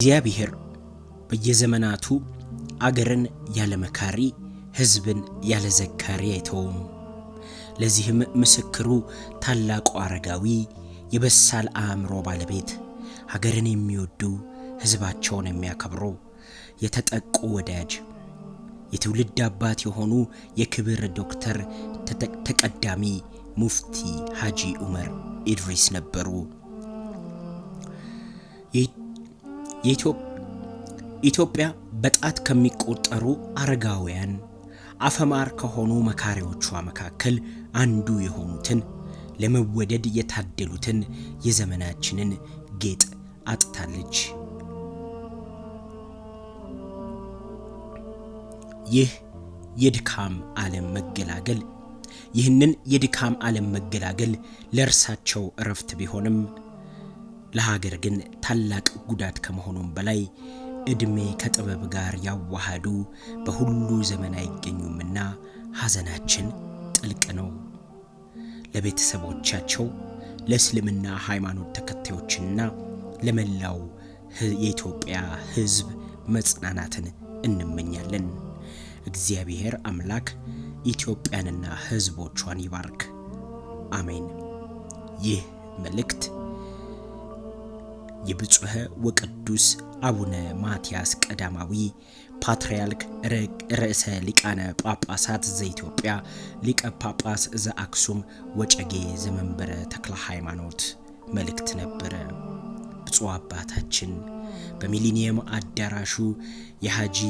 እግዚአብሔር በየዘመናቱ አገርን ያለ መካሪ ሕዝብን ያለ ዘካሪ አይተውም። ለዚህም ምስክሩ ታላቁ አረጋዊ የበሳል አእምሮ ባለቤት ሀገርን የሚወዱ ሕዝባቸውን የሚያከብሩ የተጠቁ ወዳጅ የትውልድ አባት የሆኑ የክብር ዶክተር ተቀዳሚ ሙፍቲ ሀጂ ዑመር ኢድሪስ ነበሩ። ኢትዮጵያ በጣት ከሚቆጠሩ አረጋውያን አፈማር ከሆኑ መካሪዎቿ መካከል አንዱ የሆኑትን ለመወደድ የታደሉትን የዘመናችንን ጌጥ አጥታለች። ይህ የድካም ዓለም መገላገል ይህንን የድካም ዓለም መገላገል ለእርሳቸው እረፍት ቢሆንም ለሀገር ግን ታላቅ ጉዳት ከመሆኑም በላይ ዕድሜ ከጥበብ ጋር ያዋሃዱ በሁሉ ዘመን አይገኙምና ሐዘናችን ጥልቅ ነው። ለቤተሰቦቻቸው፣ ለእስልምና ሃይማኖት ተከታዮችና ለመላው የኢትዮጵያ ሕዝብ መጽናናትን እንመኛለን። እግዚአብሔር አምላክ ኢትዮጵያንና ሕዝቦቿን ይባርክ። አሜን። ይህ መልእክት የብፁዕ ወቅዱስ አቡነ ማትያስ ቀዳማዊ ፓትርያርክ ርዕሰ ሊቃነ ጳጳሳት ዘኢትዮጵያ ሊቀ ጳጳስ ዘአክሱም ወጨጌ ዘመንበረ ተክለ ሃይማኖት መልእክት ነበረ። ብፁዕ አባታችን በሚሊኒየም አዳራሹ የሃጂ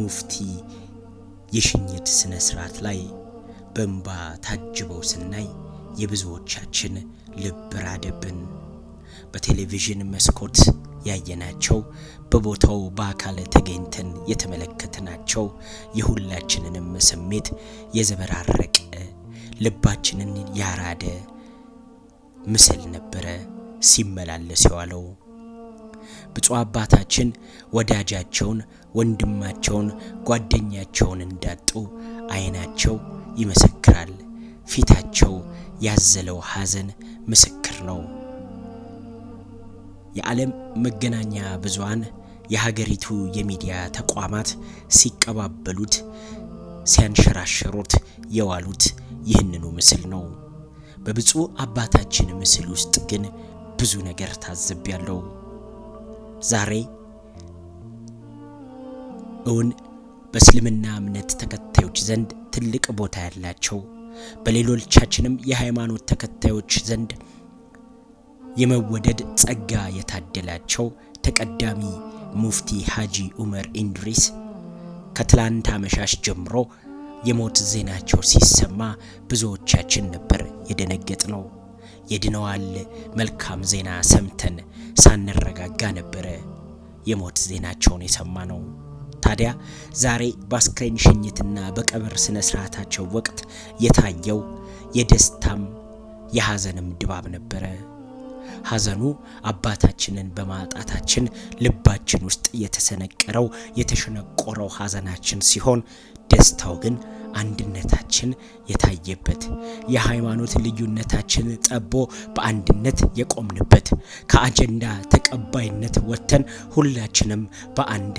ሙፍቲ የሽኝት ስነ ስርዓት ላይ በእንባ ታጅበው ስናይ የብዙዎቻችን ልብ ራደብን። በቴሌቪዥን መስኮት ያየናቸው፣ በቦታው በአካል ተገኝተን የተመለከትናቸው የሁላችንንም ስሜት የዘበራረቀ ልባችንን ያራደ ምስል ነበረ ሲመላለስ የዋለው። ብፁዕ አባታችን ወዳጃቸውን፣ ወንድማቸውን፣ ጓደኛቸውን እንዳጡ አይናቸው ይመሰክራል። ፊታቸው ያዘለው ሐዘን ምስክር ነው። የዓለም መገናኛ ብዙሃን የሀገሪቱ የሚዲያ ተቋማት ሲቀባበሉት ሲያንሸራሸሩት የዋሉት ይህንኑ ምስል ነው። በብፁዕ አባታችን ምስል ውስጥ ግን ብዙ ነገር ታዘብያለሁ። ዛሬ እውን በእስልምና እምነት ተከታዮች ዘንድ ትልቅ ቦታ ያላቸው በሌሎቻችንም የሃይማኖት ተከታዮች ዘንድ የመወደድ ጸጋ የታደላቸው ተቀዳሚ ሙፍቲ ሐጂ ዑመር ኢንድሪስ ከትላንት አመሻሽ ጀምሮ የሞት ዜናቸው ሲሰማ ብዙዎቻችን ነበር የደነገጥ ነው። የድነዋል መልካም ዜና ሰምተን ሳንረጋጋ ነበረ የሞት ዜናቸውን የሰማ ነው። ታዲያ ዛሬ በአስክሬን ሽኝትና በቀብር ስነ ስርዓታቸው ወቅት የታየው የደስታም የሐዘንም ድባብ ነበረ። ሐዘኑ አባታችንን በማጣታችን ልባችን ውስጥ የተሰነቀረው የተሸነቆረው ሐዘናችን ሲሆን ደስታው ግን አንድነታችን የታየበት የሃይማኖት ልዩነታችን ጠቦ በአንድነት የቆምንበት ከአጀንዳ ተቀባይነት ወጥተን ሁላችንም በአንድ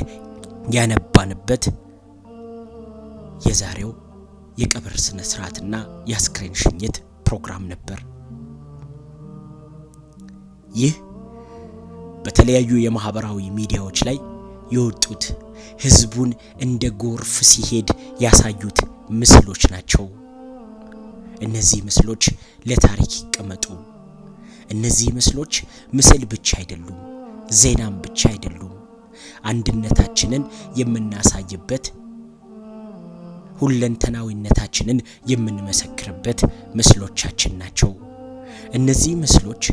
ያነባንበት የዛሬው የቀብር ስነ ስርዓትና የአስክሬን ሽኝት ፕሮግራም ነበር። ይህ በተለያዩ የማህበራዊ ሚዲያዎች ላይ የወጡት ህዝቡን እንደ ጎርፍ ሲሄድ ያሳዩት ምስሎች ናቸው። እነዚህ ምስሎች ለታሪክ ይቀመጡ። እነዚህ ምስሎች ምስል ብቻ አይደሉም፣ ዜናም ብቻ አይደሉም። አንድነታችንን የምናሳይበት ሁለንተናዊነታችንን የምንመሰክርበት ምስሎቻችን ናቸው። እነዚህ ምስሎች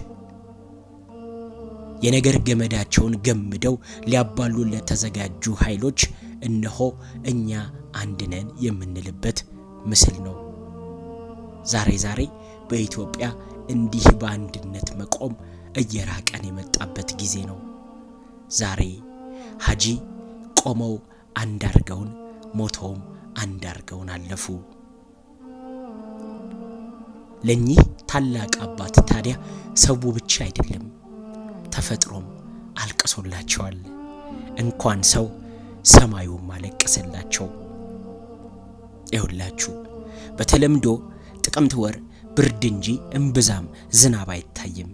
የነገር ገመዳቸውን ገምደው ሊያባሉ ለተዘጋጁ ኃይሎች እነሆ እኛ አንድነን የምንልበት ምስል ነው። ዛሬ ዛሬ በኢትዮጵያ እንዲህ በአንድነት መቆም እየራቀን የመጣበት ጊዜ ነው። ዛሬ ሀጂ ቆመው አንዳርገውን ሞተውም አንዳርገውን አለፉ። ለእኚህ ታላቅ አባት ታዲያ ሰው ብቻ አይደለም ተፈጥሮም አልቅሶላቸዋል። እንኳን ሰው ሰማዩም አለቀሰላቸው። ይሁላችሁ በተለምዶ ጥቅምት ወር ብርድ እንጂ እምብዛም ዝናብ አይታይም።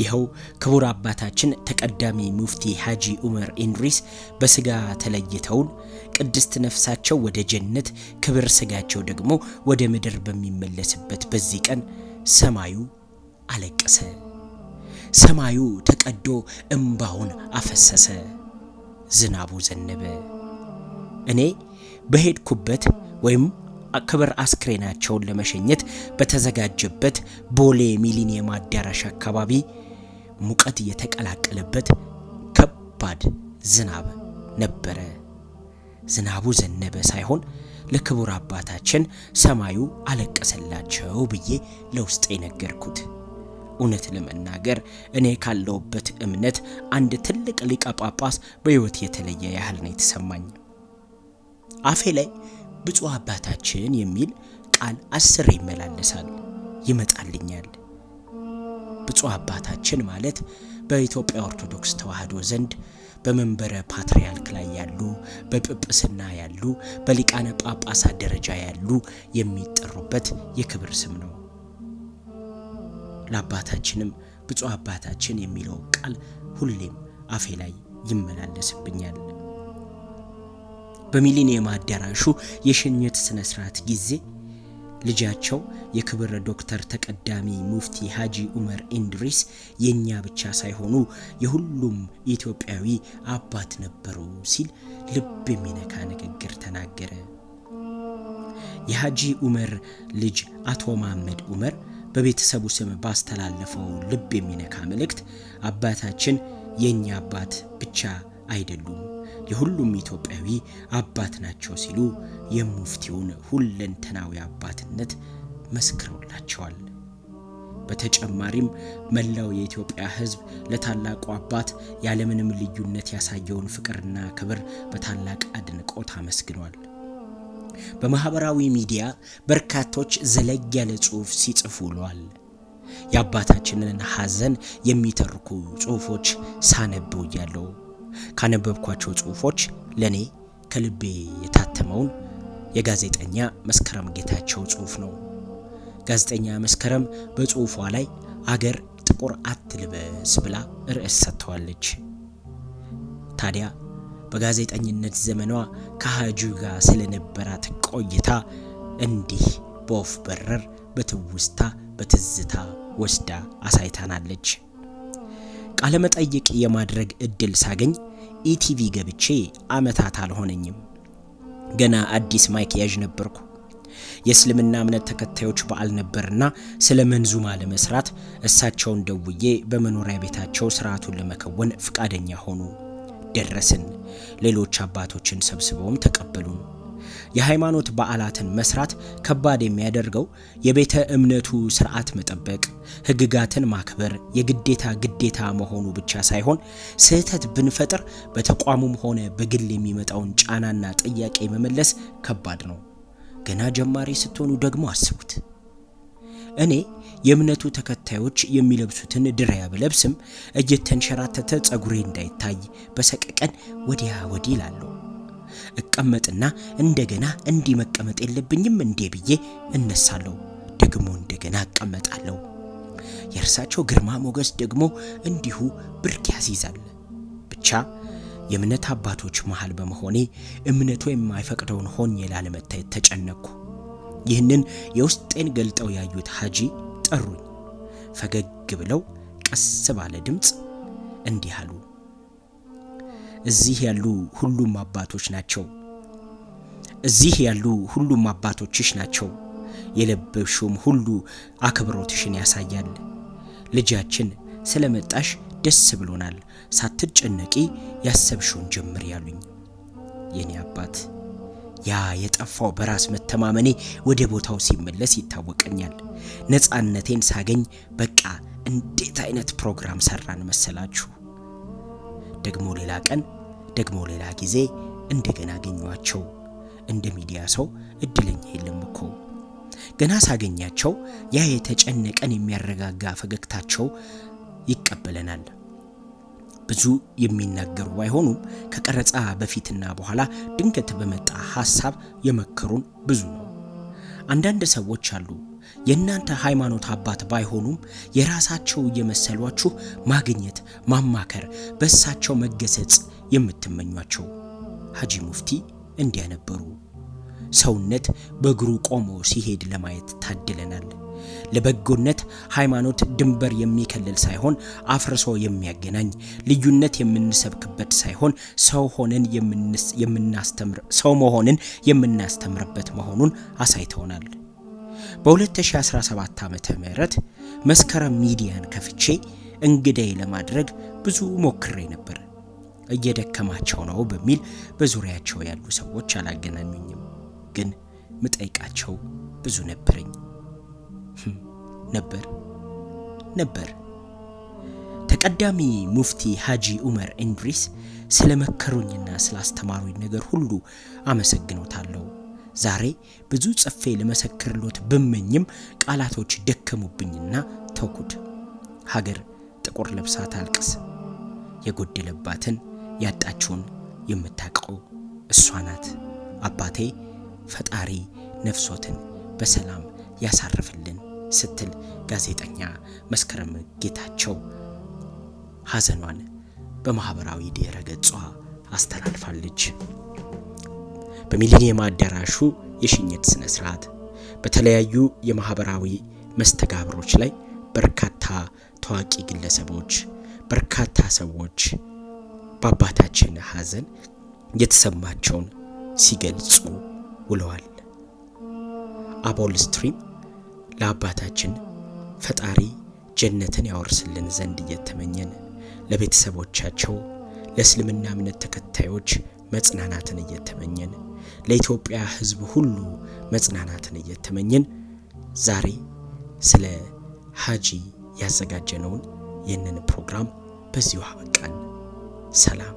ይኸው ክቡር አባታችን ተቀዳሚ ሙፍቲ ሐጂ ዑመር ኢንድሪስ በስጋ ተለይተውን ቅድስት ነፍሳቸው ወደ ጀነት ክብር ስጋቸው ደግሞ ወደ ምድር በሚመለስበት በዚህ ቀን ሰማዩ አለቀሰ። ሰማዩ ተቀዶ እምባውን አፈሰሰ፣ ዝናቡ ዘነበ። እኔ በሄድኩበት ወይም ክብር አስክሬናቸውን ለመሸኘት በተዘጋጀበት ቦሌ ሚሊኒየም አዳራሽ አካባቢ ሙቀት የተቀላቀለበት ከባድ ዝናብ ነበረ። ዝናቡ ዘነበ ሳይሆን ለክቡር አባታችን ሰማዩ አለቀሰላቸው ብዬ ለውስጤ ነገርኩት። እውነት ለመናገር እኔ ካለሁበት እምነት አንድ ትልቅ ሊቀ ጳጳስ በሕይወት የተለየ ያህል ነው የተሰማኝ። አፌ ላይ ብፁዕ አባታችን የሚል ቃል አስር ይመላለሳል፣ ይመጣልኛል። ብፁዕ አባታችን ማለት በኢትዮጵያ ኦርቶዶክስ ተዋሕዶ ዘንድ በመንበረ ፓትርያርክ ላይ ያሉ፣ በጵጵስና ያሉ፣ በሊቃነ ጳጳሳት ደረጃ ያሉ የሚጠሩበት የክብር ስም ነው። ለአባታችንም ብፁዕ አባታችን የሚለው ቃል ሁሌም አፌ ላይ ይመላለስብኛል። በሚሊኒየም አዳራሹ የሽኝት ስነ ስርዓት ጊዜ ልጃቸው የክብር ዶክተር ተቀዳሚ ሙፍቲ ሀጂ ኡመር ኢንድሪስ የእኛ ብቻ ሳይሆኑ የሁሉም ኢትዮጵያዊ አባት ነበሩ ሲል ልብ የሚነካ ንግግር ተናገረ። የሀጂ ኡመር ልጅ አቶ መሐመድ ኡመር በቤተሰቡ ስም ባስተላለፈው ልብ የሚነካ መልእክት አባታችን የእኛ አባት ብቻ አይደሉም የሁሉም ኢትዮጵያዊ አባት ናቸው ሲሉ የሙፍቲውን ሁለንተናዊ አባትነት መስክረውላቸዋል። በተጨማሪም መላው የኢትዮጵያ ሕዝብ ለታላቁ አባት ያለምንም ልዩነት ያሳየውን ፍቅርና ክብር በታላቅ አድንቆት አመስግኗል። በማህበራዊ ሚዲያ በርካቶች ዘለግ ያለ ጽሑፍ ሲጽፉ ውሏል። የአባታችንን ሐዘን የሚተርኩ ጽሑፎች ሳነብው እያለው ካነበብኳቸው ጽሑፎች ለእኔ ከልቤ የታተመውን የጋዜጠኛ መስከረም ጌታቸው ጽሑፍ ነው። ጋዜጠኛ መስከረም በጽሑፏ ላይ አገር ጥቁር አትልበስ ብላ ርዕስ ሰጥተዋለች። ታዲያ በጋዜጠኝነት ዘመኗ ከሃጁ ጋር ስለነበራት ቆይታ እንዲህ በወፍ በረር በትውስታ በትዝታ ወስዳ አሳይታናለች። ቃለመጠይቅ የማድረግ እድል ሳገኝ ኢቲቪ ገብቼ አመታት አልሆነኝም። ገና አዲስ ማይክ ያዥ ነበርኩ። የእስልምና እምነት ተከታዮች በዓል ነበርና ስለ መንዙማ ለመስራት እሳቸውን ደውዬ በመኖሪያ ቤታቸው ስርዓቱን ለመከወን ፍቃደኛ ሆኑ። ደረስን። ሌሎች አባቶችን ሰብስበውም ተቀበሉን። የሃይማኖት በዓላትን መስራት ከባድ የሚያደርገው የቤተ እምነቱ ስርዓት መጠበቅ፣ ህግጋትን ማክበር የግዴታ ግዴታ መሆኑ ብቻ ሳይሆን ስህተት ብንፈጥር በተቋሙም ሆነ በግል የሚመጣውን ጫናና ጥያቄ መመለስ ከባድ ነው። ገና ጀማሪ ስትሆኑ ደግሞ አስቡት። እኔ የእምነቱ ተከታዮች የሚለብሱትን ድሪያ ብለብስም እየተንሸራተተ ጸጉሬ እንዳይታይ በሰቀቀን ወዲያ ወዲህ እላለሁ። እቀመጥና እንደገና እንዲህ መቀመጥ የለብኝም እንዴ ብዬ እነሳለሁ። ደግሞ እንደገና እቀመጣለሁ። የእርሳቸው ግርማ ሞገስ ደግሞ እንዲሁ ብርቅ ያስይዛል። ብቻ የእምነት አባቶች መሃል በመሆኔ እምነቱ የማይፈቅደውን ሆኜ ላለመታየት ተጨነቅኩ። ይህንን የውስጤን ገልጠው ያዩት ሀጂ ጠሩኝ። ፈገግ ብለው ቀስ ባለ ድምፅ እንዲህ አሉ። እዚህ ያሉ ሁሉም አባቶች ናቸው። እዚህ ያሉ ሁሉም አባቶችሽ ናቸው። የለበሽውም ሁሉ አክብሮትሽን ያሳያል። ልጃችን ስለመጣሽ ደስ ብሎናል። ሳትጨነቂ ያሰብሽውን ጀምር ያሉኝ የኔ አባት ያ የጠፋው በራስ መተማመኔ ወደ ቦታው ሲመለስ ይታወቀኛል። ነፃነቴን ሳገኝ በቃ እንዴት አይነት ፕሮግራም ሰራን መሰላችሁ? ደግሞ ሌላ ቀን ደግሞ ሌላ ጊዜ እንደገና አገኘኋቸው። እንደ ሚዲያ ሰው እድለኛ የለም እኮ። ገና ሳገኛቸው ያ የተጨነቀን የሚያረጋጋ ፈገግታቸው ይቀበለናል። ብዙ የሚናገሩ ባይሆኑም ከቀረጻ በፊትና በኋላ ድንገት በመጣ ሐሳብ የመከሩን ብዙ ነው። አንዳንድ ሰዎች አሉ የእናንተ ሃይማኖት አባት ባይሆኑም የራሳቸው እየመሰሏችሁ ማግኘት፣ ማማከር፣ በእሳቸው መገሰጽ የምትመኟቸው። ሐጂ ሙፍቲ እንዲያ ነበሩ። ሰውነት በእግሩ ቆሞ ሲሄድ ለማየት ታድለናል። ለበጎነት ሃይማኖት ድንበር የሚከልል ሳይሆን አፍርሶ የሚያገናኝ ልዩነት የምንሰብክበት ሳይሆን ሰው ሆነን የምናስተምር ሰው መሆንን የምናስተምርበት መሆኑን አሳይተውናል። በ2017 ዓ ም መስከረም ሚዲያን ከፍቼ እንግዳይ ለማድረግ ብዙ ሞክሬ ነበር። እየደከማቸው ነው በሚል በዙሪያቸው ያሉ ሰዎች አላገናኙኝም። ግን ምጠይቃቸው ብዙ ነበረኝ። ነበር ነበር። ተቀዳሚ ሙፍቲ ሀጂ ኡመር እንድሪስ ስለ መከሩኝና አስተማሩኝ ነገር ሁሉ አመሰግኖታለሁ። ዛሬ ብዙ ጽፌ ለመሰክርሎት ብመኝም ቃላቶች ደከሙብኝና ተውኩት። ሀገር ጥቁር ለብሳ ታልቅስ፣ የጎደለባትን ያጣችውን የምታውቀው እሷ ናት። አባቴ ፈጣሪ ነፍሶትን በሰላም ያሳርፍልን። ስትል ጋዜጠኛ መስከረም ጌታቸው ሐዘኗን በማኅበራዊ ድረ ገጿ አስተላልፋለች። በሚሊኒየም አዳራሹ የሽኝት ሥነ ሥርዓት በተለያዩ የማኅበራዊ መስተጋብሮች ላይ በርካታ ታዋቂ ግለሰቦች፣ በርካታ ሰዎች በአባታችን ሐዘን የተሰማቸውን ሲገልጹ ውለዋል። አቦል ስትሪም ለአባታችን ፈጣሪ ጀነትን ያወርስልን ዘንድ እየተመኘን ለቤተሰቦቻቸው ለእስልምና እምነት ተከታዮች መጽናናትን እየተመኘን ለኢትዮጵያ ሕዝብ ሁሉ መጽናናትን እየተመኘን ዛሬ ስለ ሀጂ ያዘጋጀነውን ይህንን ፕሮግራም በዚሁ አበቃን። ሰላም።